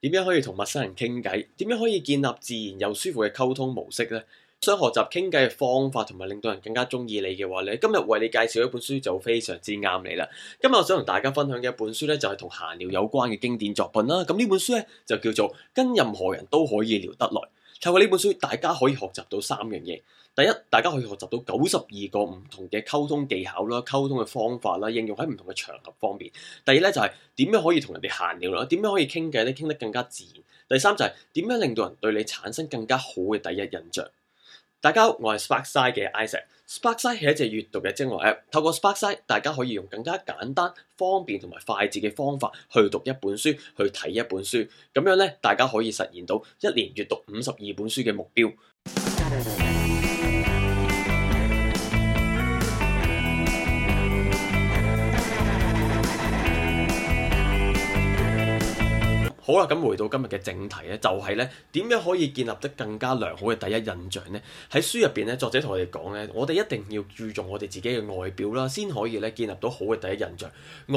點樣可以同陌生人傾偈？點樣可以建立自然又舒服嘅溝通模式呢？想學習傾偈嘅方法，同埋令到人更加中意你嘅話咧，今日為你介紹一本書就非常之啱你啦！今日我想同大家分享嘅一本書呢，就係同閒聊有關嘅經典作品啦。咁呢本書呢，就叫做《跟任何人都可以聊得來》。透過呢本書，大家可以學習到三樣嘢。第一，大家可以學習到九十二個唔同嘅溝通技巧啦、溝通嘅方法啦，應用喺唔同嘅場合方面。第二咧就係點樣可以同人哋閒聊啦，點樣可以傾偈咧，傾得更加自然。第三就係點樣令到人對你產生更加好嘅第一印象。大家好，我係 Sparkside 嘅 Isaac。Sparkside 係一隻閱讀嘅精華 App，透過 Sparkside，大家可以用更加簡單、方便同埋快捷嘅方法去讀一本書、去睇一本書，咁樣咧，大家可以實現到一年閱讀五十二本書嘅目標。好啦，咁回到今日嘅正題咧，就係咧點樣可以建立得更加良好嘅第一印象呢？喺書入邊咧，作者同我哋講咧，我哋一定要注重我哋自己嘅外表啦，先可以咧建立到好嘅第一印象。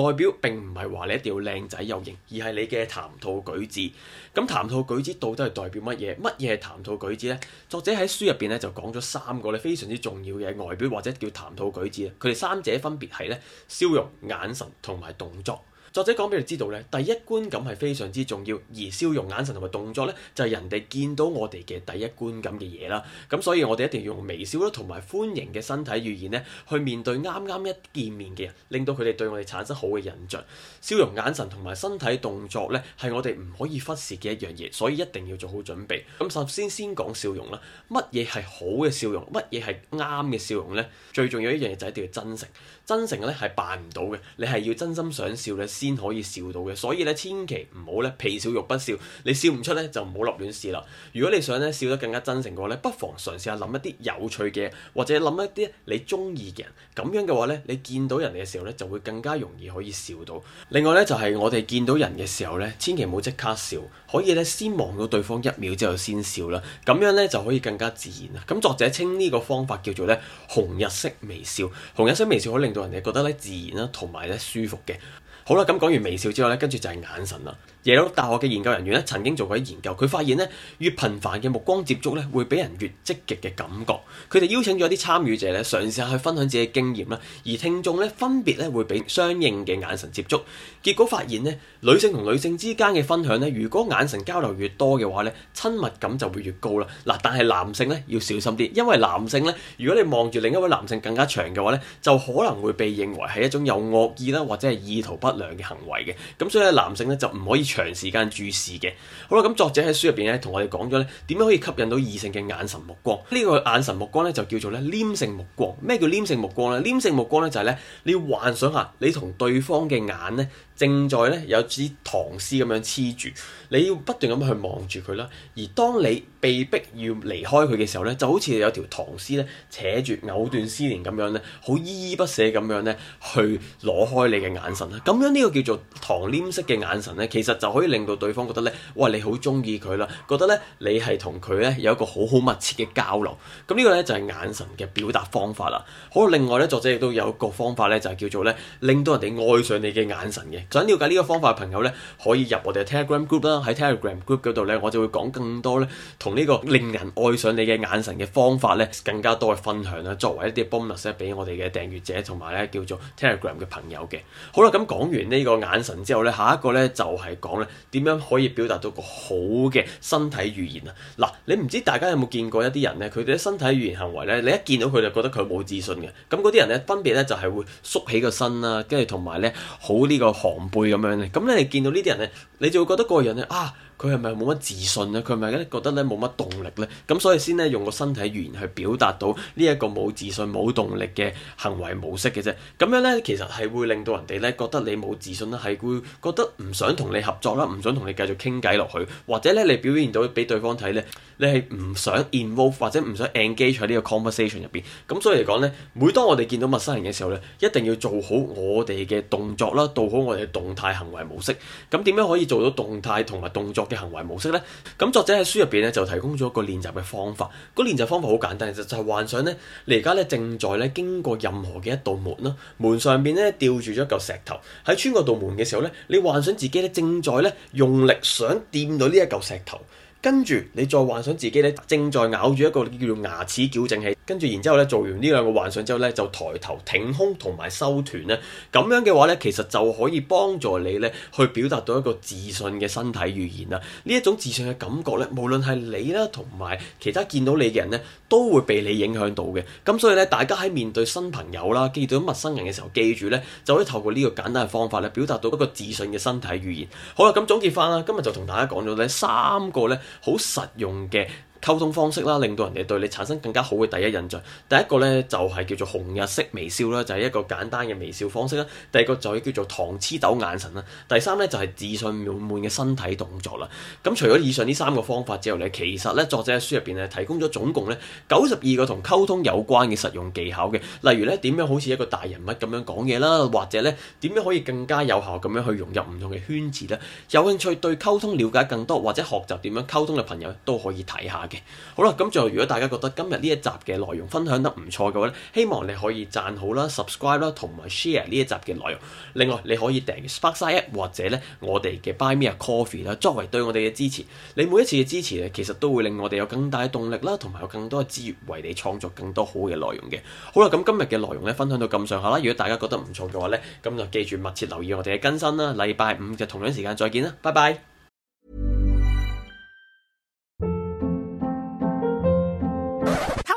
外表並唔係話你一定要靚仔有型，而係你嘅談吐舉止。咁談吐舉止到底係代表乜嘢？乜嘢係談吐舉止呢？作者喺書入邊咧就講咗三個咧非常之重要嘅外表，或者叫談吐舉止。佢哋三者分別係咧笑容、眼神同埋動作。作者講俾你知道咧，第一觀感係非常之重要，而笑容、眼神同埋動作咧，就係人哋見到我哋嘅第一觀感嘅嘢啦。咁所以我哋一定要用微笑啦，同埋歡迎嘅身體語言咧，去面對啱啱一見面嘅人，令到佢哋對我哋產生好嘅印象。笑容、眼神同埋身體動作咧，係我哋唔可以忽視嘅一樣嘢，所以一定要做好準備。咁首先先講笑容啦，乜嘢係好嘅笑容，乜嘢係啱嘅笑容咧？最重要一樣嘢就係一定要真誠，真誠嘅咧係扮唔到嘅，你係要真心想笑咧，先可以笑到嘅，所以咧千祈唔好咧皮笑肉不笑。你笑唔出咧，就唔好立亂試啦。如果你想咧笑得更加真誠嘅話咧，不妨嘗試下諗一啲有趣嘅，或者諗一啲你中意嘅人。咁樣嘅話咧，你見到人嘅時候咧就會更加容易可以笑到。另外咧就係、是、我哋見到人嘅時候咧，千祈唔好即刻笑，可以咧先望到對方一秒之後先笑啦。咁樣咧就可以更加自然啦。咁作者稱呢個方法叫做咧紅日式微笑。紅日式微笑可以令到人哋覺得咧自然啦、啊，同埋咧舒服嘅。好啦，咁講完微笑之後呢，跟住就係眼神啦。耶魯大學嘅研究人員咧曾經做過研究，佢發現咧越頻繁嘅目光接觸咧會俾人越積極嘅感覺。佢哋邀請咗啲參與者咧嘗試下去分享自己嘅經驗啦，而聽眾咧分別咧會俾相應嘅眼神接觸，結果發現咧女性同女性之間嘅分享咧，如果眼神交流越多嘅話咧，親密感就會越高啦。嗱，但係男性咧要小心啲，因為男性咧如果你望住另一位男性更加長嘅話咧，就可能會被認為係一種有惡意啦，或者係意圖不不良嘅行為嘅，咁所以咧男性咧就唔可以長時間注視嘅。好啦，咁作者喺書入邊咧同我哋講咗咧點樣可以吸引到異性嘅眼神目光。呢個眼神目光咧就叫做咧黏性目光。咩叫黏性目光咧？黏性目光咧就係咧你幻想下你同對方嘅眼咧。正在咧有支糖絲咁樣黐住，你要不斷咁去望住佢啦。而當你被逼要離開佢嘅時候咧，就好似有條糖絲咧扯住藕斷絲連咁樣咧，好依依不捨咁樣咧去攞開你嘅眼神啦。咁樣呢個叫做糖黏式嘅眼神咧，其實就可以令到對方覺得咧，哇，你好中意佢啦，覺得咧你係同佢咧有一個好好密切嘅交流。咁呢個咧就係、是、眼神嘅表達方法啦。好，另外咧作者亦都有一個方法咧，就係、是、叫做咧令到人哋愛上你嘅眼神嘅。想了解呢個方法嘅朋友呢，可以入我哋嘅 Telegram Group 啦，喺 Telegram Group 嗰度呢，我就會講更多呢，同呢個令人愛上你嘅眼神嘅方法呢，更加多嘅分享啦，作為一啲 bonus 呢，俾我哋嘅訂閱者同埋呢叫做 Telegram 嘅朋友嘅。好啦，咁、嗯、講完呢個眼神之後呢，下一個呢就係、是、講呢點樣可以表達到個好嘅身體語言啊！嗱，你唔知大家有冇見過一啲人呢，佢哋嘅身體語言行為呢，你一見到佢就覺得佢冇自信嘅。咁嗰啲人呢，分別呢就係會縮起個身啦，跟住同埋呢好呢個狼狽咁樣咧，咁咧你見到呢啲人咧，你就會覺得嗰個人咧啊，佢係咪冇乜自信呀？佢係咪咧覺得咧冇乜動力咧？咁所以先咧用個身體語言去表達到呢一個冇自信、冇動力嘅行為模式嘅啫。咁樣咧，其實係會令到人哋咧覺得你冇自信啦，係會覺得唔想同你合作啦，唔想同你繼續傾偈落去，或者咧你表現到俾對方睇咧。你係唔想 involve 或者唔想 engage 喺呢個 conversation 入邊，咁所以嚟講呢，每當我哋見到陌生人嘅時候呢一定要做好我哋嘅動作啦，到好我哋嘅動態行為模式。咁點樣可以做到動態同埋動作嘅行為模式呢？咁作者喺書入邊呢就提供咗一個練習嘅方法。個練習方法好簡單，就就係幻想呢你而家呢正在呢經過任何嘅一道門啦，門上面呢吊住咗一嚿石頭。喺穿過道門嘅時候呢，你幻想自己呢正在呢用力想掂到呢一嚿石頭。跟住你再幻想自己咧，正在咬住一個叫做牙齒矯正器，跟住然之後咧，做完呢兩個幻想之後呢，就抬頭挺胸同埋收臀呢，咁樣嘅話呢，其實就可以幫助你呢去表達到一個自信嘅身體語言啦。呢一種自信嘅感覺呢，無論係你啦，同埋其他見到你嘅人呢，都會被你影響到嘅。咁所以呢，大家喺面對新朋友啦，見到陌生人嘅時候，記住呢就可以透過呢個簡單嘅方法咧，表達到一個自信嘅身體語言。好啦，咁、嗯、總結翻啦，今日就同大家講咗呢三個呢。好實用嘅。溝通方式啦，令到人哋對你產生更加好嘅第一印象。第一個呢，就係叫做紅日式微笑啦，就係一個簡單嘅微笑方式啦。第二個就係叫做糖黐豆眼神啦。第三呢，就係自信滿滿嘅身體動作啦。咁除咗以上呢三個方法之後呢，其實呢，作者喺書入邊呢提供咗總共呢九十二個同溝通有關嘅實用技巧嘅，例如呢點樣好似一個大人物咁樣講嘢啦，或者呢點樣可以更加有效咁樣去融入唔同嘅圈子呢。有興趣對溝通了解更多或者學習點樣溝通嘅朋友都可以睇下。好啦，咁就如果大家覺得今日呢一集嘅內容分享得唔錯嘅話咧，希望你可以贊好啦、subscribe 啦同埋 share 呢一集嘅內容。另外，你可以訂閱 s p a r k s App，或者呢我哋嘅 Buy Me a Coffee 啦，作為對我哋嘅支持。你每一次嘅支持呢，其實都會令我哋有更大嘅動力啦，同埋有更多嘅資源為你創作更多好嘅內容嘅。好啦，咁今日嘅內容呢，分享到咁上下啦。如果大家覺得唔錯嘅話呢，咁就記住密切留意我哋嘅更新啦。禮拜五就同樣時間再見啦，拜拜。